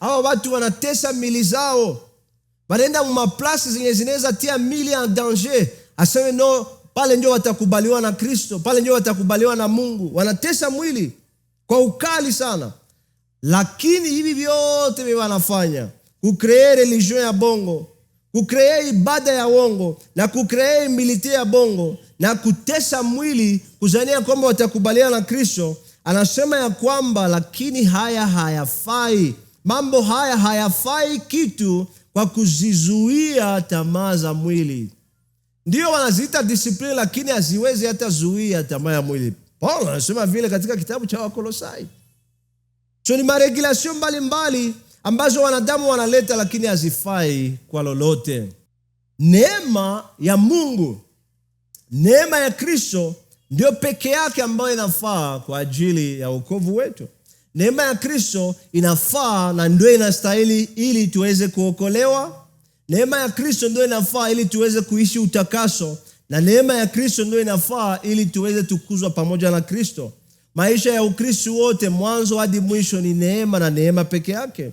hawa watu wanatesa mili zao, wanaenda maplasi zenye zinaweza tia mili en danger, aseme no, pale ndio watakubaliwa na Kristo, pale ndio watakubaliwa na Mungu. Wanatesa mwili kwa ukali sana, lakini hivi vyote vi wanafanya kukree religion ya bongo, kukree ibada ya wongo na kukree milite ya bongo na kutesa mwili kuzania kwamba watakubaliana na Kristo, anasema ya kwamba lakini haya hayafai. Mambo haya hayafai kitu kwa kuzizuia tamaa za mwili. Ndio wanaziita disiplini, lakini haziwezi hata zuia tamaa ya mwili. Paulo anasema vile katika kitabu cha Wakolosai. So ni maregulasio mbalimbali ambazo wanadamu wanaleta, lakini hazifai kwa lolote. Neema ya Mungu, neema ya Kristo ndio peke yake ambayo inafaa kwa ajili ya uokovu wetu. Neema ya Kristo inafaa na ndio inastahili ili tuweze kuokolewa. Neema ya Kristo ndio inafaa ili tuweze kuishi utakaso, na neema ya Kristo ndio inafaa ili tuweze tukuzwa pamoja na Kristo. Maisha ya ukristu wote mwanzo hadi mwisho ni neema na neema peke yake.